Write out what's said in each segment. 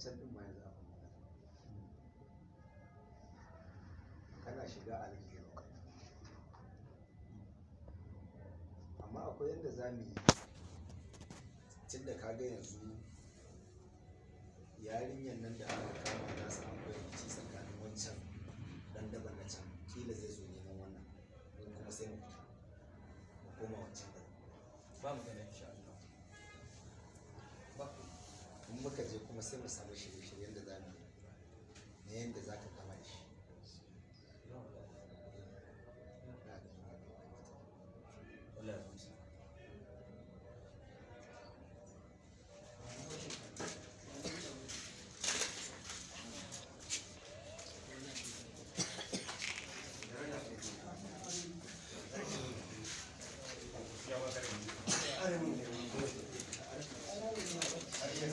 san din ma yanzu abin kana shiga alheri amma akwai yadda za mu yi tun da kaga yanzu yarinyar nan da aka kama na samu rikici tsakanin wancan dan daba na can kila zai zo neman wannan kuma sai mu fita mu koma wancan ba mu ganin sha muka je kuma sai mu samu shirye-shiryen da za mu yi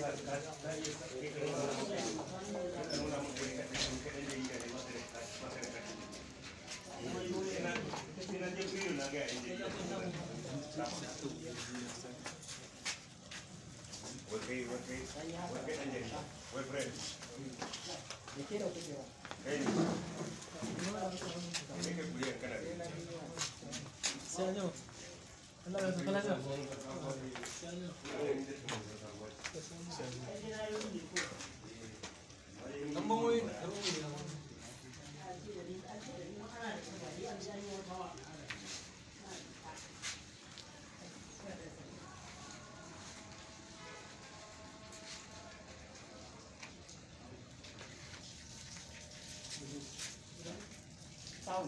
Gracias. 到。